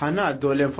ħanaddu l